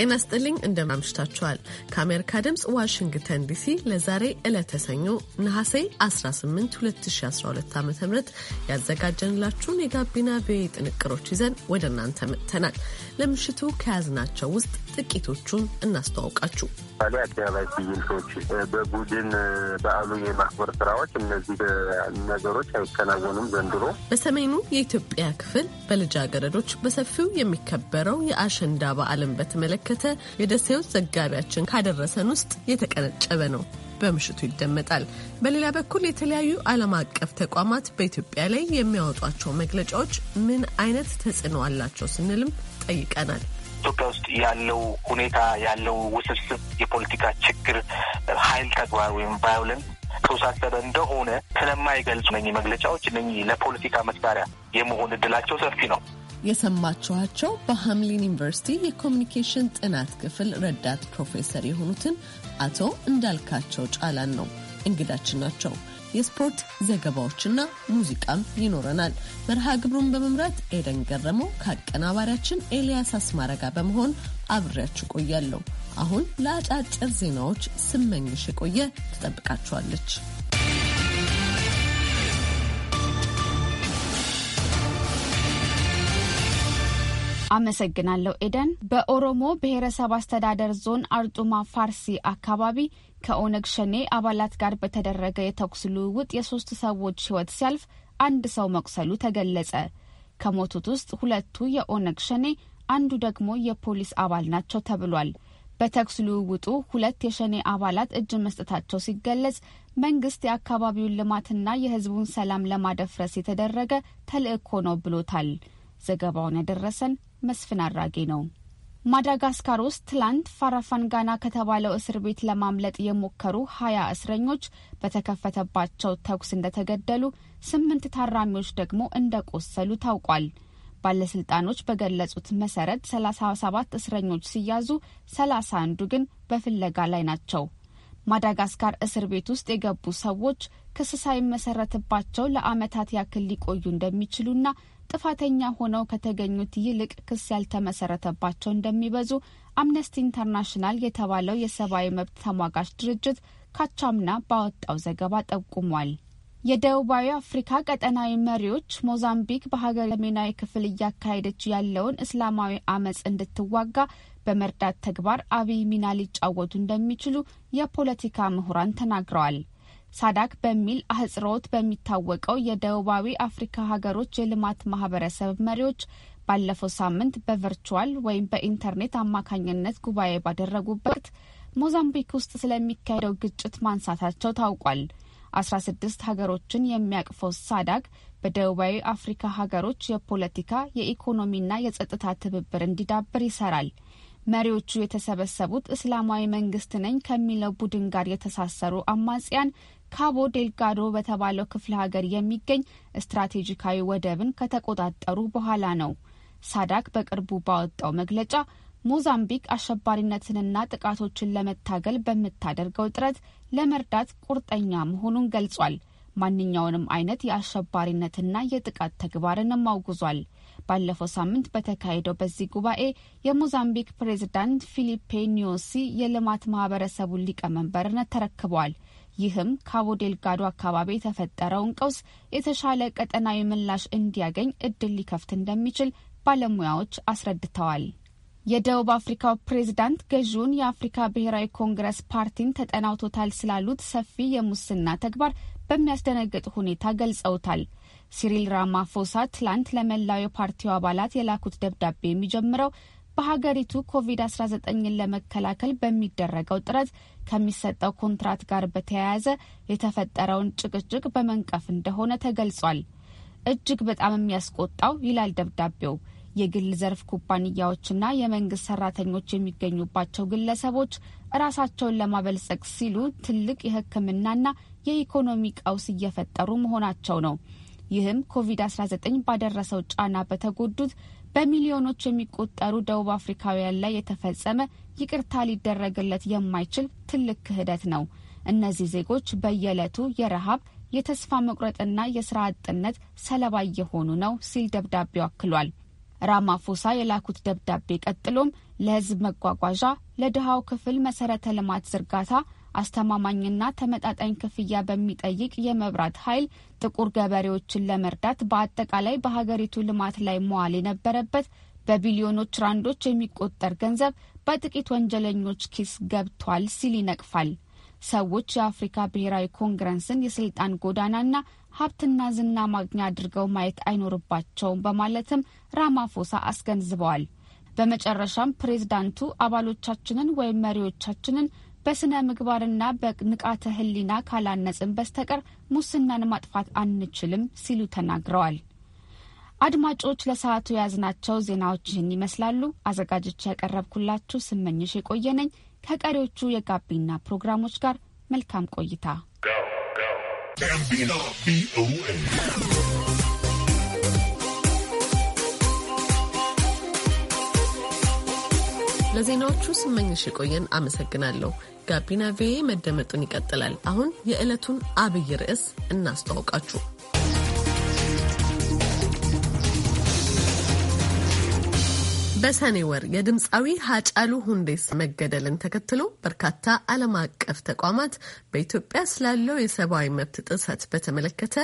ጤና ስጥልኝ እንደማምሽታችኋል። ከአሜሪካ ድምፅ ዋሽንግተን ዲሲ ለዛሬ ዕለተሰኞ ነሐሴ 18 2012 ዓ ም ያዘጋጀንላችሁን የጋቢና ቪኦኤ ጥንቅሮች ይዘን ወደ እናንተ መጥተናል። ለምሽቱ ከያዝናቸው ውስጥ ጥቂቶቹን እናስተዋውቃችሁ። ባሌ አደባባይ ትዕይንቶች፣ በቡድን በአሉ የማክበር ስራዎች፣ እነዚህ ነገሮች አይከናወኑም ዘንድሮ። በሰሜኑ የኢትዮጵያ ክፍል በልጃገረዶች በሰፊው የሚከበረው የአሸንዳ በዓልን በተመለከተ የደሴዎች ዘጋቢያችን ካደረሰን ውስጥ የተቀነጨበ ነው በምሽቱ ይደመጣል። በሌላ በኩል የተለያዩ ዓለም አቀፍ ተቋማት በኢትዮጵያ ላይ የሚያወጧቸው መግለጫዎች ምን አይነት ተጽዕኖ አላቸው ስንልም ጠይቀናል። ኢትዮጵያ ውስጥ ያለው ሁኔታ ያለው ውስብስብ የፖለቲካ ችግር ኃይል ተግባር ወይም ቫዮለንስ ተወሳሰበ እንደሆነ ስለማይገልጹ እነኚህ መግለጫዎች እነኚህ ለፖለቲካ መሳሪያ የመሆን እድላቸው ሰፊ ነው። የሰማችኋቸው በሀምሊን ዩኒቨርሲቲ የኮሚኒኬሽን ጥናት ክፍል ረዳት ፕሮፌሰር የሆኑትን አቶ እንዳልካቸው ጫላን ነው። እንግዳችን ናቸው። የስፖርት ዘገባዎችና ሙዚቃም ይኖረናል። መርሃ ግብሩን በመምራት ኤደን ገረመው ከአቀናባሪያችን ኤልያስ አስማረ ጋር በመሆን አብሬያችሁ ቆያለሁ። አሁን ለአጫጭር ዜናዎች ስመኝሽ የቆየ ትጠብቃችኋለች። አመሰግናለሁ ኤደን። በኦሮሞ ብሔረሰብ አስተዳደር ዞን አርጡማ ፋርሲ አካባቢ ከኦነግ ሸኔ አባላት ጋር በተደረገ የተኩስ ልውውጥ የሶስት ሰዎች ሕይወት ሲያልፍ አንድ ሰው መቁሰሉ ተገለጸ። ከሞቱት ውስጥ ሁለቱ የኦነግ ሸኔ፣ አንዱ ደግሞ የፖሊስ አባል ናቸው ተብሏል። በተኩስ ልውውጡ ሁለት የሸኔ አባላት እጅ መስጠታቸው ሲገለጽ መንግስት የአካባቢውን ልማትና የህዝቡን ሰላም ለማደፍረስ የተደረገ ተልእኮ ነው ብሎታል። ዘገባውን ያደረሰን መስፍን አራጌ ነው። ማዳጋስካር ውስጥ ትላንት ፋራፋንጋና ከተባለው እስር ቤት ለማምለጥ የሞከሩ ሀያ እስረኞች በተከፈተባቸው ተኩስ እንደተገደሉ፣ ስምንት ታራሚዎች ደግሞ እንደቆሰሉ ታውቋል። ባለስልጣኖች በገለጹት መሰረት 37 እስረኞች ሲያዙ ሰላሳ አንዱ ግን በፍለጋ ላይ ናቸው። ማዳጋስካር እስር ቤት ውስጥ የገቡ ሰዎች ክስ ሳይመሰረትባቸው ለዓመታት ያክል ሊቆዩ እንደሚችሉና ጥፋተኛ ሆነው ከተገኙት ይልቅ ክስ ያልተመሰረተባቸው እንደሚበዙ አምነስቲ ኢንተርናሽናል የተባለው የሰብአዊ መብት ተሟጋች ድርጅት ካቻምና ባወጣው ዘገባ ጠቁሟል። የደቡባዊ አፍሪካ ቀጠናዊ መሪዎች ሞዛምቢክ በሀገር ሰሜናዊ ክፍል እያካሄደች ያለውን እስላማዊ አመጽ እንድትዋጋ በመርዳት ተግባር አብይ ሚና ሊጫወቱ እንደሚችሉ የፖለቲካ ምሁራን ተናግረዋል። ሳዳክ በሚል አህጽሮት በሚታወቀው የደቡባዊ አፍሪካ ሀገሮች የልማት ማህበረሰብ መሪዎች ባለፈው ሳምንት በቨርቹዋል ወይም በኢንተርኔት አማካኝነት ጉባኤ ባደረጉበት ሞዛምቢክ ውስጥ ስለሚካሄደው ግጭት ማንሳታቸው ታውቋል። አስራ ስድስት ሀገሮችን የሚያቅፈው ሳዳክ በደቡባዊ አፍሪካ ሀገሮች የፖለቲካ የኢኮኖሚና የጸጥታ ትብብር እንዲዳብር ይሰራል። መሪዎቹ የተሰበሰቡት እስላማዊ መንግስት ነኝ ከሚለው ቡድን ጋር የተሳሰሩ አማጽያን ካቦ ዴልጋዶ በተባለው ክፍለ ሀገር የሚገኝ ስትራቴጂካዊ ወደብን ከተቆጣጠሩ በኋላ ነው። ሳዳክ በቅርቡ ባወጣው መግለጫ ሞዛምቢክ አሸባሪነትንና ጥቃቶችን ለመታገል በምታደርገው ጥረት ለመርዳት ቁርጠኛ መሆኑን ገልጿል። ማንኛውንም አይነት የአሸባሪነትና የጥቃት ተግባርንም አውግዟል። ባለፈው ሳምንት በተካሄደው በዚህ ጉባኤ የሞዛምቢክ ፕሬዝዳንት ፊሊፔ ኒዮሲ የልማት ማህበረሰቡን ሊቀመንበርነት ተረክበዋል። ይህም ካቦ ዴልጋዶ አካባቢ የተፈጠረውን ቀውስ የተሻለ ቀጠናዊ ምላሽ እንዲያገኝ እድል ሊከፍት እንደሚችል ባለሙያዎች አስረድተዋል። የደቡብ አፍሪካው ፕሬዝዳንት ገዢውን የአፍሪካ ብሔራዊ ኮንግረስ ፓርቲን ተጠናውቶታል ስላሉት ሰፊ የሙስና ተግባር በሚያስደነግጥ ሁኔታ ገልጸውታል። ሲሪል ራማፎሳ ትላንት ለመላው የፓርቲው አባላት የላኩት ደብዳቤ የሚጀምረው በሀገሪቱ ኮቪድ-19ን ለመከላከል በሚደረገው ጥረት ከሚሰጠው ኮንትራት ጋር በተያያዘ የተፈጠረውን ጭቅጭቅ በመንቀፍ እንደሆነ ተገልጿል። እጅግ በጣም የሚያስቆጣው ይላል ደብዳቤው የግል ዘርፍ ኩባንያዎችና የመንግስት ሰራተኞች የሚገኙባቸው ግለሰቦች ራሳቸውን ለማበልጸግ ሲሉ ትልቅ የሕክምናና የኢኮኖሚ ቀውስ እየፈጠሩ መሆናቸው ነው። ይህም ኮቪድ-19 ባደረሰው ጫና በተጎዱት በሚሊዮኖች የሚቆጠሩ ደቡብ አፍሪካውያን ላይ የተፈጸመ ይቅርታ ሊደረግለት የማይችል ትልቅ ክህደት ነው። እነዚህ ዜጎች በየዕለቱ የረሃብ የተስፋ መቁረጥና የስራ አጥነት ሰለባ እየሆኑ ነው ሲል ደብዳቤው አክሏል። ራማፎሳ የላኩት ደብዳቤ ቀጥሎም ለህዝብ መጓጓዣ፣ ለድሃው ክፍል መሰረተ ልማት ዝርጋታ፣ አስተማማኝና ተመጣጣኝ ክፍያ በሚጠይቅ የመብራት ኃይል ጥቁር ገበሬዎችን ለመርዳት በአጠቃላይ በሀገሪቱ ልማት ላይ መዋል የነበረበት በቢሊዮኖች ራንዶች የሚቆጠር ገንዘብ በጥቂት ወንጀለኞች ኪስ ገብቷል ሲል ይነቅፋል። ሰዎች የአፍሪካ ብሔራዊ ኮንግረስን የስልጣን ጎዳናና ሀብትና ዝና ማግኛ አድርገው ማየት አይኖርባቸውም በማለትም ራማፎሳ አስገንዝበዋል። በመጨረሻም ፕሬዝዳንቱ አባሎቻችንን ወይም መሪዎቻችንን በስነ ምግባርና በንቃተ ሕሊና ካላነጽም በስተቀር ሙስናን ማጥፋት አንችልም ሲሉ ተናግረዋል። አድማጮች ለሰዓቱ የያዝናቸው ዜናዎች ይህን ይመስላሉ። አዘጋጆች ያቀረብኩላችሁ ስመኝሽ የቆየ ነኝ። ከቀሪዎቹ የጋቢና ፕሮግራሞች ጋር መልካም ቆይታ። ለዜናዎቹ ስመኝሽ የቆየን አመሰግናለሁ። ጋቢና ቪኦኤ መደመጡን ይቀጥላል። አሁን የዕለቱን አብይ ርዕስ እናስተዋውቃችሁ። በሰኔ ወር የድምፃዊ ሀጫሉ ሁንዴስ መገደልን ተከትሎ በርካታ ዓለም አቀፍ ተቋማት በኢትዮጵያ ስላለው የሰብአዊ መብት ጥሰት በተመለከተ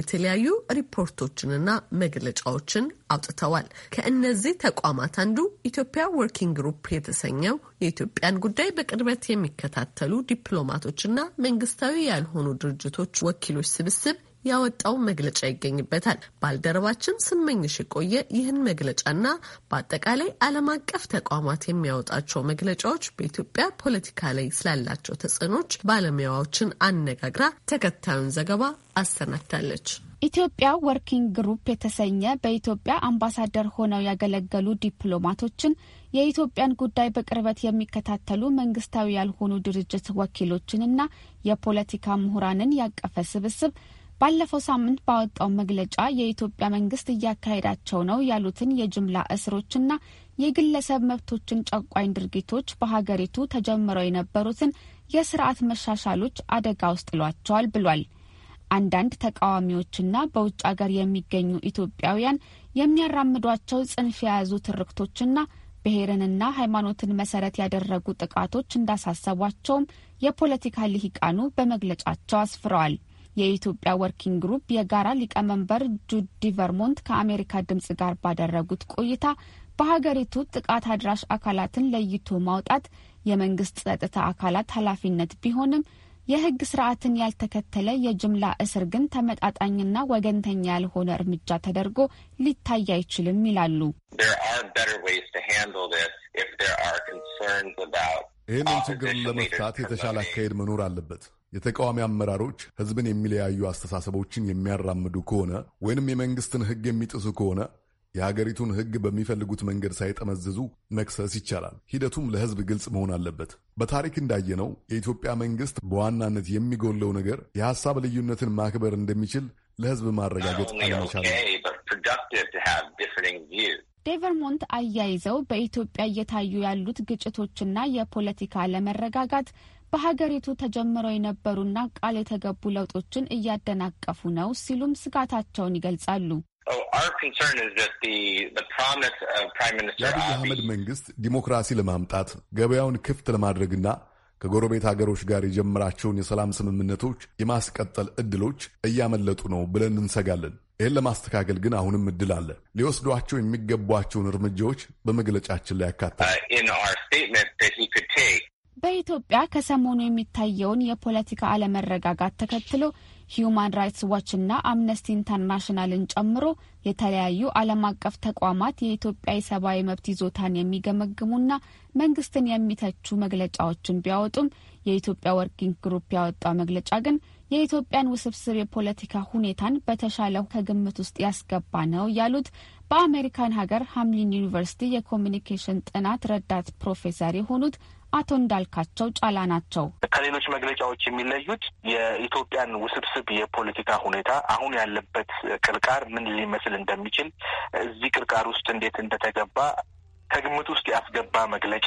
የተለያዩ ሪፖርቶችንና መግለጫዎችን አውጥተዋል። ከእነዚህ ተቋማት አንዱ ኢትዮጵያ ወርኪንግ ግሩፕ የተሰኘው የኢትዮጵያን ጉዳይ በቅርበት የሚከታተሉ ዲፕሎማቶችና መንግስታዊ ያልሆኑ ድርጅቶች ወኪሎች ስብስብ ያወጣው መግለጫ ይገኝበታል። ባልደረባችን ስመኝሽ የቆየ ይህን መግለጫና በአጠቃላይ ዓለም አቀፍ ተቋማት የሚያወጣቸው መግለጫዎች በኢትዮጵያ ፖለቲካ ላይ ስላላቸው ተጽዕኖች ባለሙያዎችን አነጋግራ ተከታዩን ዘገባ አሰናድታለች። ኢትዮጵያ ወርኪንግ ግሩፕ የተሰኘ በኢትዮጵያ አምባሳደር ሆነው ያገለገሉ ዲፕሎማቶችን የኢትዮጵያን ጉዳይ በቅርበት የሚከታተሉ መንግስታዊ ያልሆኑ ድርጅት ወኪሎችንና የፖለቲካ ምሁራንን ያቀፈ ስብስብ ባለፈው ሳምንት ባወጣው መግለጫ የኢትዮጵያ መንግስት እያካሄዳቸው ነው ያሉትን የጅምላ እስሮችና የግለሰብ መብቶችን ጨቋኝ ድርጊቶች በሀገሪቱ ተጀምረው የነበሩትን የስርዓት መሻሻሎች አደጋ ውስጥ ጥሏቸዋል ብሏል። አንዳንድ ተቃዋሚዎችና በውጭ አገር የሚገኙ ኢትዮጵያውያን የሚያራምዷቸው ጽንፍ የያዙ ትርክቶችና ብሔርንና ሃይማኖትን መሰረት ያደረጉ ጥቃቶች እንዳሳሰቧቸውም የፖለቲካ ልሂቃኑ በመግለጫቸው አስፍረዋል። የኢትዮጵያ ወርኪንግ ግሩፕ የጋራ ሊቀመንበር ጁዲ ቨርሞንት ከአሜሪካ ድምጽ ጋር ባደረጉት ቆይታ በሀገሪቱ ጥቃት አድራሽ አካላትን ለይቶ ማውጣት የመንግስት ጸጥታ አካላት ኃላፊነት ቢሆንም የህግ ስርዓትን ያልተከተለ የጅምላ እስር ግን ተመጣጣኝና ወገንተኛ ያልሆነ እርምጃ ተደርጎ ሊታይ አይችልም ይላሉ። ይህንን ችግር ለመፍታት የተሻለ አካሄድ መኖር አለበት። የተቃዋሚ አመራሮች ህዝብን የሚለያዩ አስተሳሰቦችን የሚያራምዱ ከሆነ ወይንም የመንግስትን ህግ የሚጥሱ ከሆነ የሀገሪቱን ህግ በሚፈልጉት መንገድ ሳይጠመዝዙ መክሰስ ይቻላል። ሂደቱም ለህዝብ ግልጽ መሆን አለበት። በታሪክ እንዳየነው የኢትዮጵያ መንግስት በዋናነት የሚጎለው ነገር የሀሳብ ልዩነትን ማክበር እንደሚችል ለህዝብ ማረጋገጥ አለመቻል ነው። ዴቨርሞንት አያይዘው በኢትዮጵያ እየታዩ ያሉት ግጭቶችና የፖለቲካ አለመረጋጋት በሀገሪቱ ተጀምረው የነበሩና ቃል የተገቡ ለውጦችን እያደናቀፉ ነው ሲሉም ስጋታቸውን ይገልጻሉ። oh, የአብይ አህመድ መንግስት ዲሞክራሲ ለማምጣት ገበያውን ክፍት ለማድረግና ከጎረቤት ሀገሮች ጋር የጀመራቸውን የሰላም ስምምነቶች የማስቀጠል እድሎች እያመለጡ ነው ብለን እንሰጋለን። ይህን ለማስተካከል ግን አሁንም እድል አለ። ሊወስዷቸው የሚገቧቸውን እርምጃዎች በመግለጫችን ላይ ያካትታል። uh, በኢትዮጵያ ከሰሞኑ የሚታየውን የፖለቲካ አለመረጋጋት ተከትሎ ሂዩማን ራይትስ ዋችና አምነስቲ ኢንተርናሽናልን ጨምሮ የተለያዩ ዓለም አቀፍ ተቋማት የኢትዮጵያ የሰብአዊ መብት ይዞታን የሚገመግሙና መንግስትን የሚተቹ መግለጫዎችን ቢያወጡም የኢትዮጵያ ወርኪንግ ግሩፕ ያወጣው መግለጫ ግን የኢትዮጵያን ውስብስብ የፖለቲካ ሁኔታን በተሻለ ከግምት ውስጥ ያስገባ ነው ያሉት በአሜሪካን ሀገር ሀምሊን ዩኒቨርሲቲ የኮሚኒኬሽን ጥናት ረዳት ፕሮፌሰር የሆኑት አቶ እንዳልካቸው ጫላ ናቸው። ከሌሎች መግለጫዎች የሚለዩት የኢትዮጵያን ውስብስብ የፖለቲካ ሁኔታ አሁን ያለበት ቅርቃር ምን ሊመስል እንደሚችል፣ እዚህ ቅርቃር ውስጥ እንዴት እንደተገባ ከግምት ውስጥ ያስገባ መግለጫ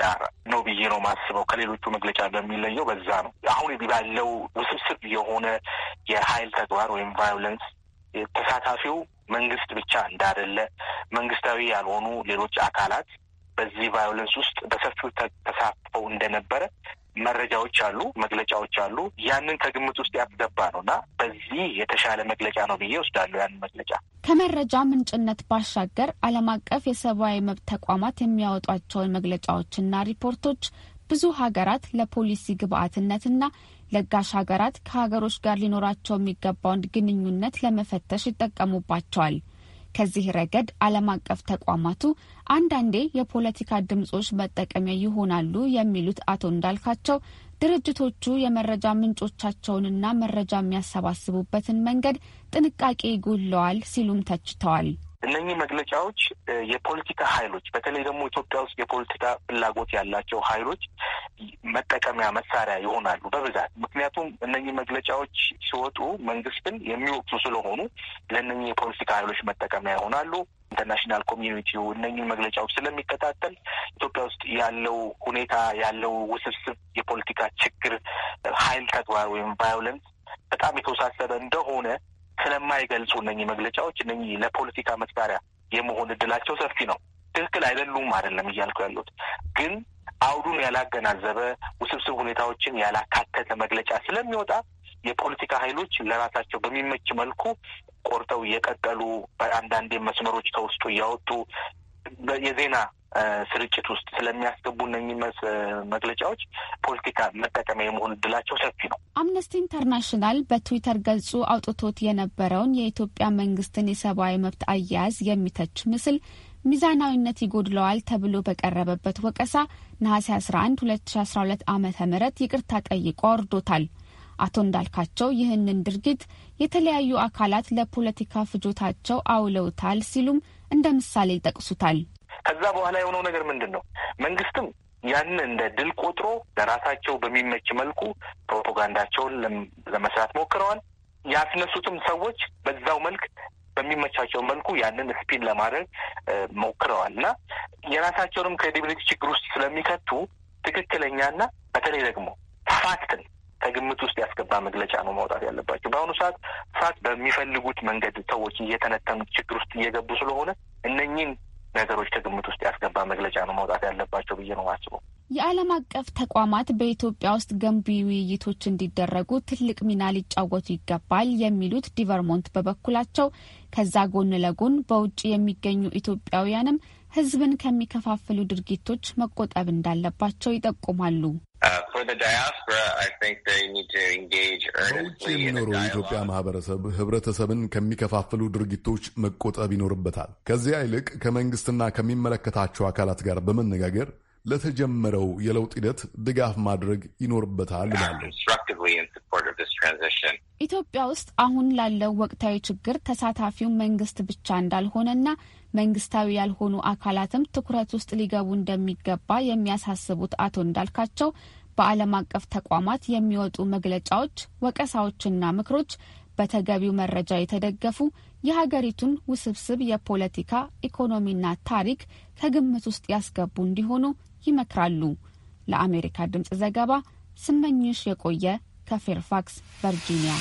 ነው ብዬ ነው ማስበው። ከሌሎቹ መግለጫ በሚለየው በዛ ነው። አሁን ባለው ውስብስብ የሆነ የሀይል ተግባር ወይም ቫዮለንስ ተሳታፊው መንግስት ብቻ እንዳደለ መንግስታዊ ያልሆኑ ሌሎች አካላት በዚህ ቫዮለንስ ውስጥ በሰፊው ተሳትፈው እንደነበረ መረጃዎች አሉ፣ መግለጫዎች አሉ። ያንን ከግምት ውስጥ ያስገባ ነው እና በዚህ የተሻለ መግለጫ ነው ብዬ ወስዳለሁ። ያንን መግለጫ ከመረጃ ምንጭነት ባሻገር ዓለም አቀፍ የሰብአዊ መብት ተቋማት የሚያወጧቸውን መግለጫዎችና ሪፖርቶች ብዙ ሀገራት ለፖሊሲ ግብአትነትና ለጋሽ ሀገራት ከሀገሮች ጋር ሊኖራቸው የሚገባውን ግንኙነት ለመፈተሽ ይጠቀሙባቸዋል። ከዚህ ረገድ ዓለም አቀፍ ተቋማቱ አንዳንዴ የፖለቲካ ድምጾች መጠቀሚያ ይሆናሉ የሚሉት አቶ እንዳልካቸው ድርጅቶቹ የመረጃ ምንጮቻቸውንና መረጃ የሚያሰባስቡበትን መንገድ ጥንቃቄ ይጎለዋል ሲሉም ተችተዋል። እነኚህ መግለጫዎች የፖለቲካ ኃይሎች በተለይ ደግሞ ኢትዮጵያ ውስጥ የፖለቲካ ፍላጎት ያላቸው ኃይሎች መጠቀሚያ መሳሪያ ይሆናሉ በብዛት። ምክንያቱም እነኚህ መግለጫዎች ሲወጡ መንግስትን የሚወቅሱ ስለሆኑ ለእነኚህ የፖለቲካ ኃይሎች መጠቀሚያ ይሆናሉ። ኢንተርናሽናል ኮሚዩኒቲው እነኚህ መግለጫዎች ስለሚከታተል ኢትዮጵያ ውስጥ ያለው ሁኔታ ያለው ውስብስብ የፖለቲካ ችግር ኃይል ተግባር ወይም ቫዮለንስ በጣም የተወሳሰበ እንደሆነ ስለማይገልጹ እነኚህ መግለጫዎች እነኚህ ለፖለቲካ መሳሪያ የመሆን እድላቸው ሰፊ ነው። ትክክል አይደሉም አይደለም እያልኩ ያሉት ግን አውዱን ያላገናዘበ ውስብስብ ሁኔታዎችን ያላካተተ መግለጫ ስለሚወጣ የፖለቲካ ኃይሎች ለራሳቸው በሚመች መልኩ ቆርጠው እየቀቀሉ በአንዳንዴ መስመሮች ከውስጡ እያወጡ የዜና ስርጭት ውስጥ ስለሚያስገቡ እነህ መግለጫዎች ፖለቲካ መጠቀሚያ የመሆን እድላቸው ሰፊ ነው። አምነስቲ ኢንተርናሽናል በትዊተር ገጹ አውጥቶት የነበረውን የኢትዮጵያ መንግስትን የሰብአዊ መብት አያያዝ የሚተች ምስል ሚዛናዊነት ይጎድለዋል ተብሎ በቀረበበት ወቀሳ ነሐሴ 11 2012 ዓ ም ይቅርታ ጠይቆ አውርዶታል። አቶ እንዳልካቸው ይህንን ድርጊት የተለያዩ አካላት ለፖለቲካ ፍጆታቸው አውለውታል ሲሉም እንደ ምሳሌ ይጠቅሱታል። ከዛ በኋላ የሆነው ነገር ምንድን ነው? መንግስትም ያንን እንደ ድል ቆጥሮ ለራሳቸው በሚመች መልኩ ፕሮፓጋንዳቸውን ለመስራት ሞክረዋል። ያስነሱትም ሰዎች በዛው መልክ በሚመቻቸው መልኩ ያንን ስፒን ለማድረግ ሞክረዋል እና የራሳቸውንም ክሬዲቢሊቲ ችግር ውስጥ ስለሚከቱ ትክክለኛና በተለይ ደግሞ ፋክትን ከግምት ውስጥ ያስገባ መግለጫ ነው ማውጣት ያለባቸው። በአሁኑ ሰዓት ፋክት በሚፈልጉት መንገድ ሰዎች እየተነተኑ ችግር ውስጥ እየገቡ ስለሆነ እነኚህን ነገሮች ከግምት ውስጥ ያስገባ መግለጫ ነው መውጣት ያለባቸው ብዬ ነው የማስበው። የዓለም አቀፍ ተቋማት በኢትዮጵያ ውስጥ ገንቢ ውይይቶች እንዲደረጉ ትልቅ ሚና ሊጫወቱ ይገባል የሚሉት ዲቨርሞንት በበኩላቸው ከዛ ጎን ለጎን በውጭ የሚገኙ ኢትዮጵያውያንም ህዝብን ከሚከፋፍሉ ድርጊቶች መቆጠብ እንዳለባቸው ይጠቁማሉ። በውጭ የሚኖረው የኢትዮጵያ ማህበረሰብ ህብረተሰብን ከሚከፋፍሉ ድርጊቶች መቆጠብ ይኖርበታል። ከዚያ ይልቅ ከመንግስትና ከሚመለከታቸው አካላት ጋር በመነጋገር ለተጀመረው የለውጥ ሂደት ድጋፍ ማድረግ ይኖርበታል ይላሉ። ኢትዮጵያ ውስጥ አሁን ላለው ወቅታዊ ችግር ተሳታፊው መንግስት ብቻ እንዳልሆነና መንግስታዊ ያልሆኑ አካላትም ትኩረት ውስጥ ሊገቡ እንደሚገባ የሚያሳስቡት አቶ እንዳልካቸው በዓለም አቀፍ ተቋማት የሚወጡ መግለጫዎች፣ ወቀሳዎችና ምክሮች በተገቢው መረጃ የተደገፉ የሀገሪቱን ውስብስብ የፖለቲካ ኢኮኖሚና ታሪክ ከግምት ውስጥ ያስገቡ እንዲሆኑ ይመክራሉ። ለአሜሪካ ድምፅ ዘገባ ስመኝሽ የቆየ ከፌርፋክስ ቨርጂኒያ።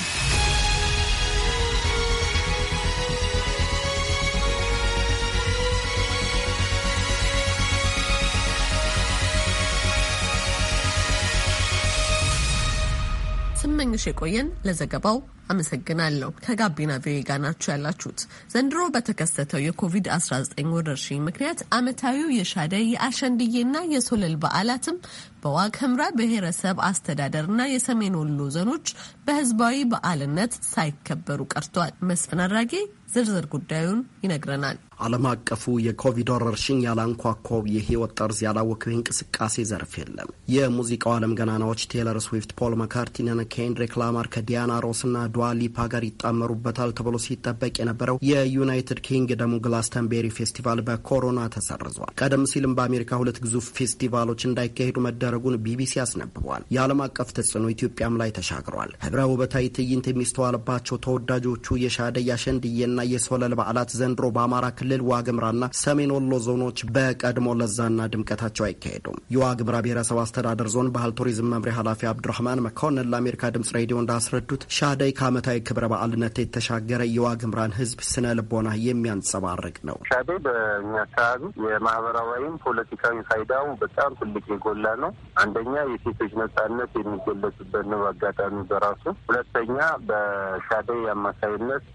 ስመኝሽ የቆየን ለዘገባው አመሰግናለሁ። ከጋቢና ቪኦኤ ጋር ናችሁ ያላችሁት። ዘንድሮ በተከሰተው የኮቪድ-19 ወረርሽኝ ምክንያት ዓመታዊው የሻደይ የአሸንድዬና የሶለል በዓላትም በዋግ ህምራ ብሔረሰብ አስተዳደርና የሰሜን ወሎ ዘኖች በህዝባዊ በዓልነት ሳይከበሩ ቀርቷል። መስፍን አድራጌ ዝርዝር ጉዳዩን ይነግረናል። ዓለም አቀፉ የኮቪድ ወረርሽኝ ያላንኳኮብ የህይወት ጠርዝ ያላወቀው እንቅስቃሴ ዘርፍ የለም። የሙዚቃው ዓለም ገናናዎች ቴይለር ስዊፍት፣ ፖል መካርቲንን፣ ኬንድሪክ ላማር ከዲያና ሮስ እና ዱዋሊፓ ጋር ይጣመሩበታል ተብሎ ሲጠበቅ የነበረው የዩናይትድ ኪንግ ኪንግደሙ ግላስተንቤሪ ፌስቲቫል በኮሮና ተሰርዟል። ቀደም ሲልም በአሜሪካ ሁለት ግዙፍ ፌስቲቫሎች እንዳይካሄዱ መደረጉን ቢቢሲ አስነብቧል። የዓለም አቀፍ ተጽዕኖ ኢትዮጵያም ላይ ተሻግሯል። ህብረ ውበታዊ ትዕይንት የሚስተዋልባቸው ተወዳጆቹ የሻደይ፣ ያሸንድዬና የሶለል በዓላት ዘንድሮ በአማራ ክልል ክልል ዋግምራና ሰሜን ወሎ ዞኖች በቀድሞ ለዛና ድምቀታቸው አይካሄዱም። የዋግምራ ብሔረሰብ አስተዳደር ዞን ባህል ቱሪዝም መምሪያ ኃላፊ አብዱራህማን መኮንን ለአሜሪካ ድምጽ ሬዲዮ እንዳስረዱት ሻደይ ከዓመታዊ ክብረ በዓልነት የተሻገረ የዋግምራን ህዝብ ስነ ልቦና የሚያንጸባርቅ ነው። ሻደይ በእኛ አካባቢ የማህበራዊም ፖለቲካዊ ፋይዳው በጣም ትልቅ የጎላ ነው። አንደኛ የሴቶች ነጻነት የሚገለጽበት ነው አጋጣሚ በራሱ ሁለተኛ በሻደይ አማካይነት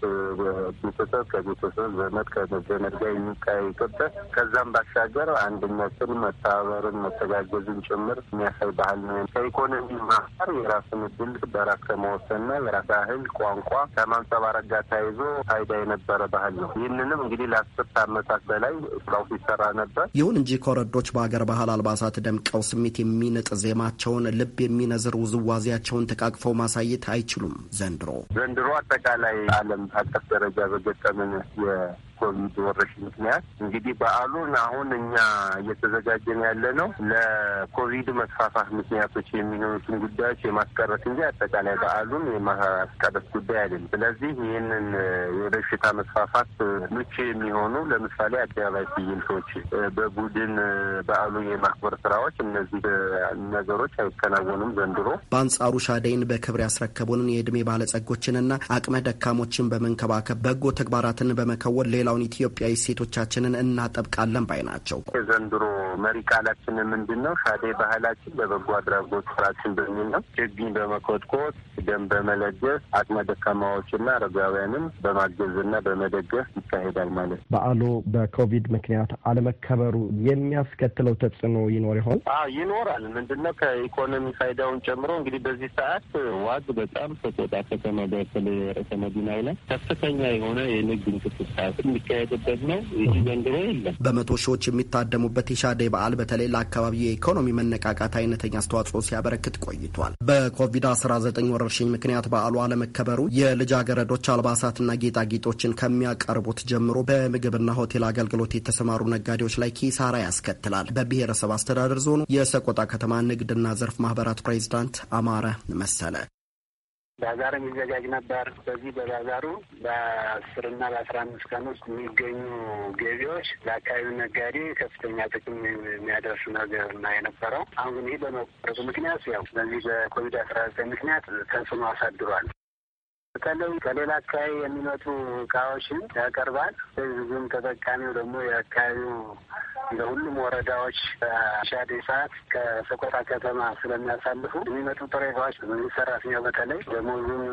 ቤተሰብ ከቤተሰብ ዘመድ ከመዘነ መርጃ ከኢትዮጵያ ከዛም ባሻገር አንድነትን፣ መተባበርን፣ መተጋገዝን ጭምር የሚያሳይ ባህል ነው። ከኢኮኖሚ ማር የራስን እድል በራስ ከመወሰንና የራስ ባህል ቋንቋ ከማንጸባረቅ ጋር ተያይዞ ፋይዳ የነበረ ባህል ነው። ይህንንም እንግዲህ ለአስርት ዓመታት በላይ ስራው ሲሰራ ነበር። ይሁን እንጂ ኮረዶች በሀገር ባህል አልባሳት ደምቀው ስሜት የሚነጥ ዜማቸውን፣ ልብ የሚነዝር ውዝዋዜያቸውን ተቃቅፈው ማሳየት አይችሉም። ዘንድሮ ዘንድሮ አጠቃላይ ዓለም አቀፍ ደረጃ በገጠምን የኮቪድ በመጨረሽ ምክንያት እንግዲህ በዓሉን አሁን እኛ እየተዘጋጀን ያለ ነው ለኮቪድ መስፋፋት ምክንያቶች የሚሆኑትን ጉዳዮች የማስቀረት እንጂ አጠቃላይ በዓሉን የማስቀረት ጉዳይ አይደለም። ስለዚህ ይህንን የበሽታ መስፋፋት ምቹ የሚሆኑ ለምሳሌ አደባባይ ትዕይንቶች፣ በቡድን በዓሉን የማክበር ስራዎች፣ እነዚህ ነገሮች አይከናወኑም ዘንድሮ። በአንጻሩ ሻደይን በክብር ያስረከቡንን የእድሜ ባለጸጎችንና አቅመ ደካሞችን በመንከባከብ በጎ ተግባራትን በመከወል ሌላውን ኢትዮጵያ ኢትዮጵያዊ ሴቶቻችንን እናጠብቃለን ባይ ናቸው። የዘንድሮ መሪ ቃላችን ምንድን ነው? ሻዴ ባህላችን በበጎ አድራጎት ስራችን በሚል ነው። ችግኝ በመኮትኮት ደም በመለገስ አቅመ ደካማዎችና አረጋውያንም በማገዝና በመደገፍ ይካሄዳል ማለት ነው። በዓሉ በኮቪድ ምክንያት አለመከበሩ የሚያስከትለው ተጽዕኖ ይኖር ይሆን? ይኖራል። ምንድን ነው ከኢኮኖሚ ፋይዳውን ጨምሮ እንግዲህ በዚህ ሰዓት ዋግ በጣም ሰቆጣ ከተማ በተለይ ርዕሰ መዲናው ላይ ከፍተኛ የሆነ የንግድ እንቅስቃሴ የሚካሄድበት የሚወሰድ ነው እንጂ ዘንድሮ የለም። በመቶ ሺዎች የሚታደሙበት የሻደ በዓል በተለይ ለአካባቢ የኢኮኖሚ መነቃቃት አይነተኛ አስተዋጽኦ ሲያበረክት ቆይቷል። በኮቪድ-19 ወረርሽኝ ምክንያት በዓሉ አለመከበሩ የልጃገረዶች አልባሳትና ጌጣጌጦችን ከሚያቀርቡት ጀምሮ በምግብና ሆቴል አገልግሎት የተሰማሩ ነጋዴዎች ላይ ኪሳራ ያስከትላል። በብሔረሰብ አስተዳደር ዞኑ የሰቆጣ ከተማ ንግድና ዘርፍ ማህበራት ፕሬዚዳንት አማረ መሰለ ባዛር የሚዘጋጅ ነበር። በዚህ በባዛሩ በአስርና በአስራ አምስት ቀን ውስጥ የሚገኙ ገቢዎች ለአካባቢው ነጋዴ ከፍተኛ ጥቅም የሚያደርስ ነገር ና የነበረው። አሁን ግን ይህ በመቆረጡ ምክንያት ያው በዚህ በኮቪድ አስራ ዘጠኝ ምክንያት ተጽዕኖ አሳድሯል። በተለይ ከሌላ አካባቢ የሚመጡ እቃዎችን ያቀርባል። ህዝቡም ተጠቃሚው ደግሞ የአካባቢው በሁሉም ወረዳዎች በሻዴ ሰዓት ከሰቆጣ ከተማ ስለሚያሳልፉ የሚመጡ ጥሬ እቃዎች መንግስት ሰራተኛው በተለይ ደሞዙን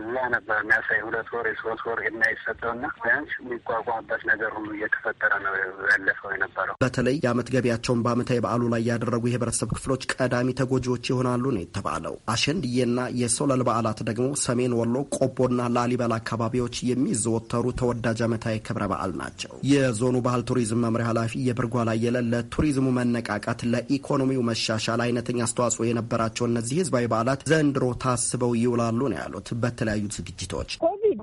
እዚያ ነበር የሚያሳይ ሁለት ወር የሶስት ወር የማይሰጠውና ቢያንስ የሚቋቋምበት ነገር ሁሉ እየተፈጠረ ነው ያለፈው የነበረው። በተለይ የአመት ገቢያቸውን በአመታዊ በዓሉ ላይ ያደረጉ የህብረተሰብ ክፍሎች ቀዳሚ ተጎጂዎች ይሆናሉ ነው የተባለው። አሸንድዬና የሶለል በዓላት ደግሞ ሰሜን ወሎ ቆቦና ላሊበላ አካባቢዎች የሚዘወተሩ ተወዳጅ አመታዊ ክብረ በዓል ናቸው። የዞኑ ባህል ቱሪዝም መምሪያ ኃላፊ የብርጎ ጓጓላ የለን ለቱሪዝሙ መነቃቃት፣ ለኢኮኖሚው መሻሻል አይነተኛ አስተዋጽኦ የነበራቸው እነዚህ ህዝባዊ በዓላት ዘንድሮ ታስበው ይውላሉ ነው ያሉት በተለያዩ ዝግጅቶች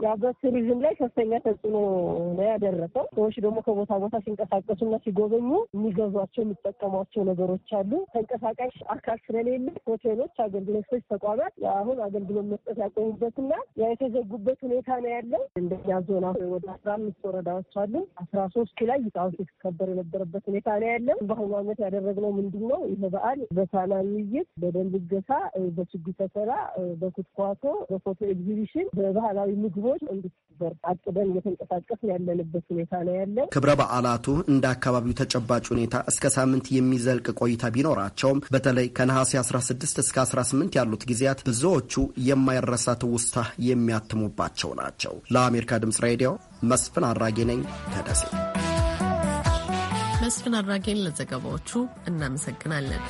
ያው በቱሪዝም ላይ ከፍተኛ ተጽዕኖ ነው ያደረሰው። ሰዎች ደግሞ ከቦታ ቦታ ሲንቀሳቀሱና ሲጎበኙ የሚገዟቸው የሚጠቀሟቸው ነገሮች አሉ። ተንቀሳቃሽ አካል ስለሌለ ሆቴሎች፣ አገልግሎቶች፣ ተቋማት አሁን አገልግሎት መስጠት ያቆሙበትና የተዘጉበት ሁኔታ ነው ያለው። እንደኛ ዞና ወደ አስራ አምስት ወረዳዎች አሉ። አስራ ሶስቱ ላይ ይጣሱ የተከበር የነበረበት ሁኔታ ነው ያለው። በአሁኑ አመት ያደረግነው ምንድን ነው? ይህ በዓል በሳና ውይይት፣ በደንብ ገሳ፣ በችግኝ ተከላ፣ በኩትኳቶ፣ በፎቶ ኤግዚቢሽን፣ በባህላዊ ምግቦ ሰዎች እንዲሰበር አቅደን እየተንቀሳቀስ ያለንበት ሁኔታ ነው ያለን። ክብረ በዓላቱ እንደ አካባቢው ተጨባጭ ሁኔታ እስከ ሳምንት የሚዘልቅ ቆይታ ቢኖራቸውም በተለይ ከነሐሴ 16 እስከ 18 ያሉት ጊዜያት ብዙዎቹ የማይረሳ ትውስታ የሚያትሙባቸው ናቸው። ለአሜሪካ ድምጽ ሬዲዮ መስፍን አራጌ ነኝ ከደሴ። መስፍን አራጌን ለዘገባዎቹ እናመሰግናለን።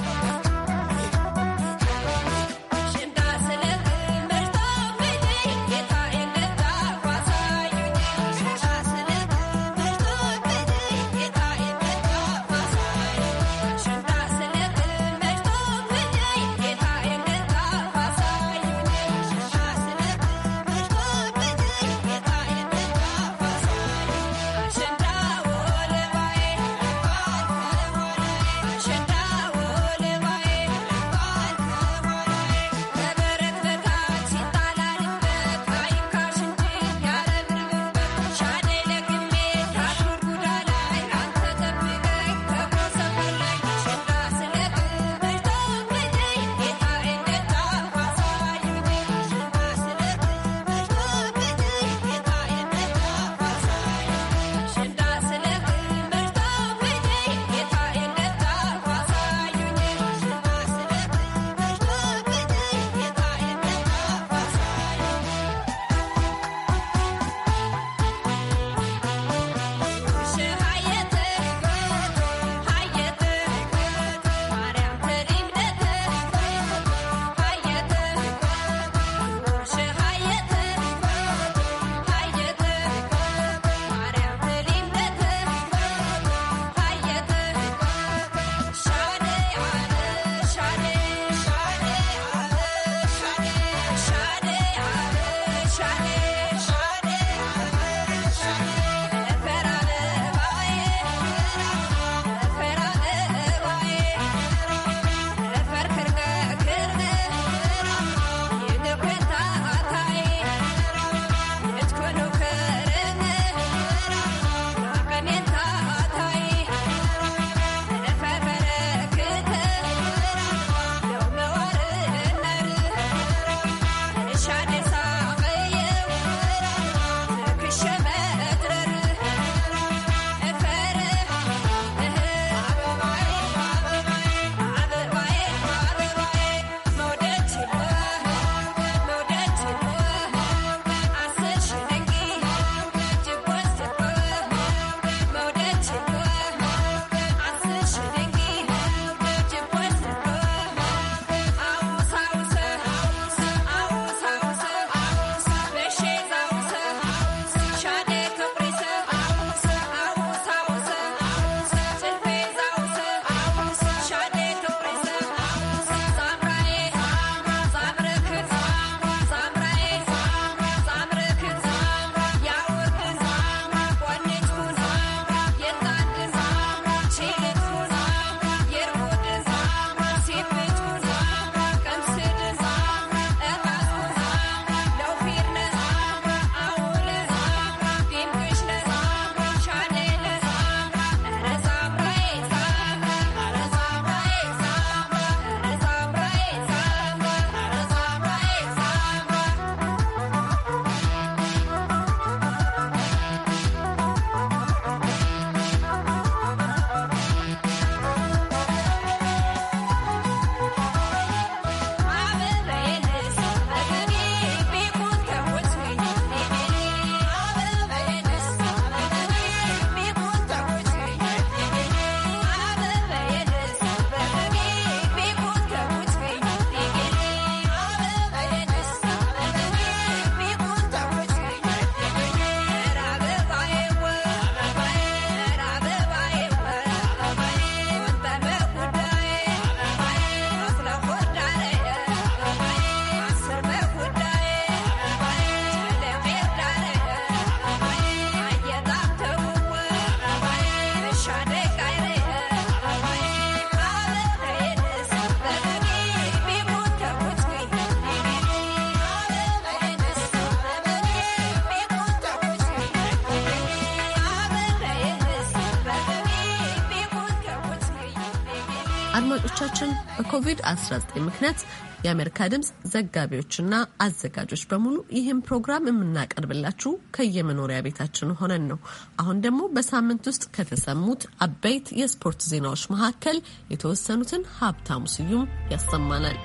አድማጮቻችን በኮቪድ-19 ምክንያት የአሜሪካ ድምፅ ዘጋቢዎችና አዘጋጆች በሙሉ ይህን ፕሮግራም የምናቀርብላችሁ ከየመኖሪያ ቤታችን ሆነን ነው። አሁን ደግሞ በሳምንት ውስጥ ከተሰሙት አበይት የስፖርት ዜናዎች መካከል የተወሰኑትን ሀብታሙ ስዩም ያሰማናል።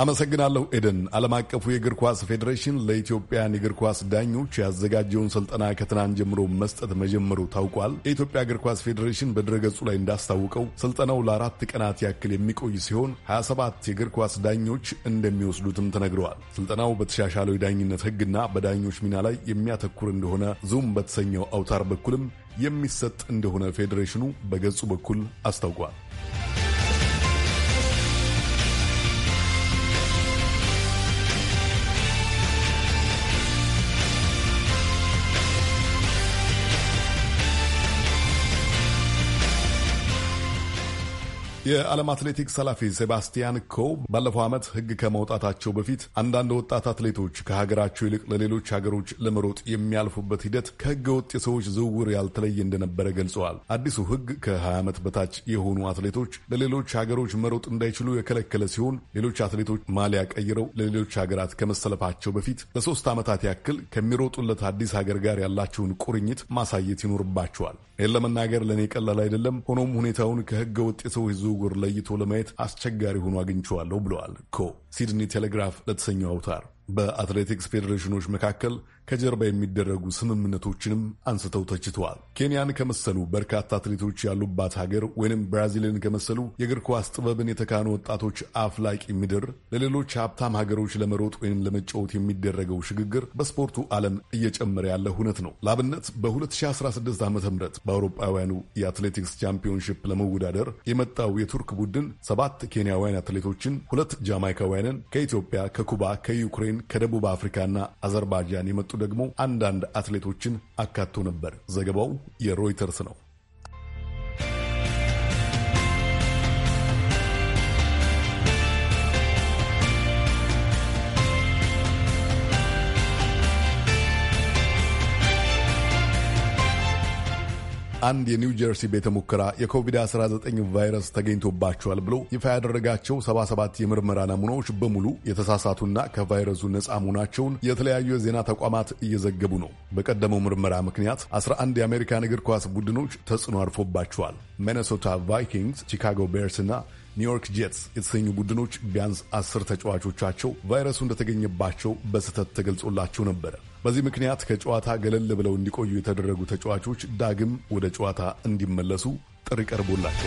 አመሰግናለሁ ኤደን። ዓለም አቀፉ የእግር ኳስ ፌዴሬሽን ለኢትዮጵያን የእግር ኳስ ዳኞች ያዘጋጀውን ስልጠና ከትናንት ጀምሮ መስጠት መጀመሩ ታውቋል። የኢትዮጵያ እግር ኳስ ፌዴሬሽን በድረገጹ ላይ እንዳስታውቀው ስልጠናው ለአራት ቀናት ያክል የሚቆይ ሲሆን 27 የእግር ኳስ ዳኞች እንደሚወስዱትም ተነግረዋል። ስልጠናው በተሻሻለው የዳኝነት ሕግና በዳኞች ሚና ላይ የሚያተኩር እንደሆነ ዙም በተሰኘው አውታር በኩልም የሚሰጥ እንደሆነ ፌዴሬሽኑ በገጹ በኩል አስታውቋል። የዓለም አትሌቲክስ ኃላፊ ሴባስቲያን ኮ ባለፈው ዓመት ሕግ ከመውጣታቸው በፊት አንዳንድ ወጣት አትሌቶች ከሀገራቸው ይልቅ ለሌሎች ሀገሮች ለመሮጥ የሚያልፉበት ሂደት ከሕገ ወጥ የሰዎች ዝውውር ያልተለየ እንደነበረ ገልጸዋል። አዲሱ ሕግ ከ20 ዓመት በታች የሆኑ አትሌቶች ለሌሎች ሀገሮች መሮጥ እንዳይችሉ የከለከለ ሲሆን ሌሎች አትሌቶች ማሊያ ቀይረው ለሌሎች ሀገራት ከመሰለፋቸው በፊት ለሶስት ዓመታት ያክል ከሚሮጡለት አዲስ ሀገር ጋር ያላቸውን ቁርኝት ማሳየት ይኖርባቸዋል። ይህን ለመናገር ለእኔ ቀላል አይደለም። ሆኖም ሁኔታውን ከህገ ወጥ የሰዎች ዝውውር ለይቶ ለማየት አስቸጋሪ ሆኖ አግኝቼዋለሁ ብለዋል ኮ ሲድኒ ቴሌግራፍ ለተሰኘው አውታር። በአትሌቲክስ ፌዴሬሽኖች መካከል ከጀርባ የሚደረጉ ስምምነቶችንም አንስተው ተችተዋል። ኬንያን ከመሰሉ በርካታ አትሌቶች ያሉባት ሀገር ወይንም ብራዚልን ከመሰሉ የእግር ኳስ ጥበብን የተካኑ ወጣቶች አፍላቂ ምድር ለሌሎች ሀብታም ሀገሮች ለመሮጥ ወይም ለመጫወት የሚደረገው ሽግግር በስፖርቱ ዓለም እየጨመረ ያለ ሁነት ነው። ላብነት በ2016 ዓ ም በአውሮፓውያኑ የአትሌቲክስ ቻምፒዮንሽፕ ለመወዳደር የመጣው የቱርክ ቡድን ሰባት ኬንያውያን አትሌቶችን፣ ሁለት ጃማይካውያንን ከኢትዮጵያ፣ ከኩባ፣ ከዩክሬን፣ ከደቡብ አፍሪካና አዘርባይጃን የመጡ ደግሞ አንዳንድ አትሌቶችን አካቶ ነበር። ዘገባው የሮይተርስ ነው። አንድ የኒው ጀርሲ ቤተ ሙከራ የኮቪድ-19 ቫይረስ ተገኝቶባቸዋል ብሎ ይፋ ያደረጋቸው 77 የምርመራ ናሙናዎች በሙሉ የተሳሳቱና ከቫይረሱ ነፃ መሆናቸውን የተለያዩ የዜና ተቋማት እየዘገቡ ነው። በቀደመው ምርመራ ምክንያት 11 የአሜሪካን እግር ኳስ ቡድኖች ተጽዕኖ አርፎባቸዋል። ሚኔሶታ ቫይኪንግስ፣ ቺካጎ እና ኒውዮርክ ጄትስ የተሰኙ ቡድኖች ቢያንስ አስር ተጫዋቾቻቸው ቫይረሱ እንደተገኘባቸው በስህተት ተገልጾላቸው ነበረ። በዚህ ምክንያት ከጨዋታ ገለል ብለው እንዲቆዩ የተደረጉ ተጫዋቾች ዳግም ወደ ጨዋታ እንዲመለሱ ጥሪ ቀርቦላቸዋል።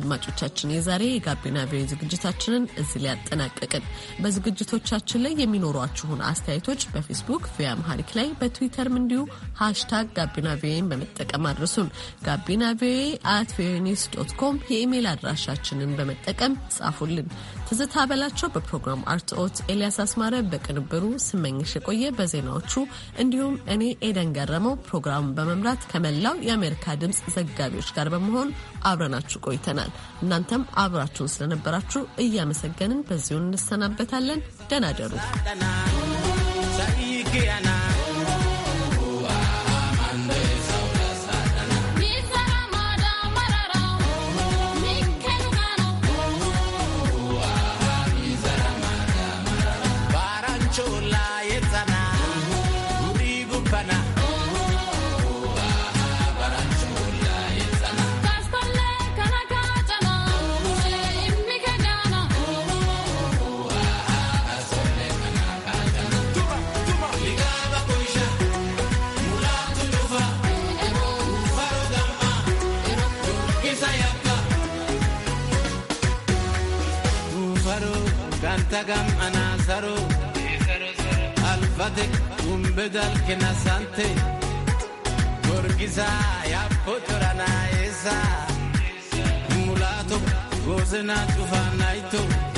አድማጮቻችን የዛሬ የጋቢና ቪ ዝግጅታችንን እዚህ ላይ ያጠናቀቅን። በዝግጅቶቻችን ላይ የሚኖሯችሁን አስተያየቶች በፌስቡክ ቪኦኤ አምሃሪክ ላይ በትዊተርም እንዲሁ ሃሽታግ ጋቢና ቪን በመጠቀም አድርሱን። ጋቢና ቪ አት ቪኒስ ዶት ኮም የኢሜይል አድራሻችንን በመጠቀም ጻፉልን። ትዝታ በላቸው በፕሮግራም አርትኦት፣ ኤልያስ አስማረ በቅንብሩ፣ ስመኝሽ የቆየ በዜናዎቹ እንዲሁም እኔ ኤደን ገረመው ፕሮግራሙን በመምራት ከመላው የአሜሪካ ድምፅ ዘጋቢዎች ጋር በመሆን አብረናችሁ ቆይተናል። እናንተም አብራችሁን ስለነበራችሁ እያመሰገንን በዚሁ እንሰናበታለን። ደናደሩ ደሩ። Pedal che nasante, borghisa, yappotorana esa, mulato, gozena, tufanaito.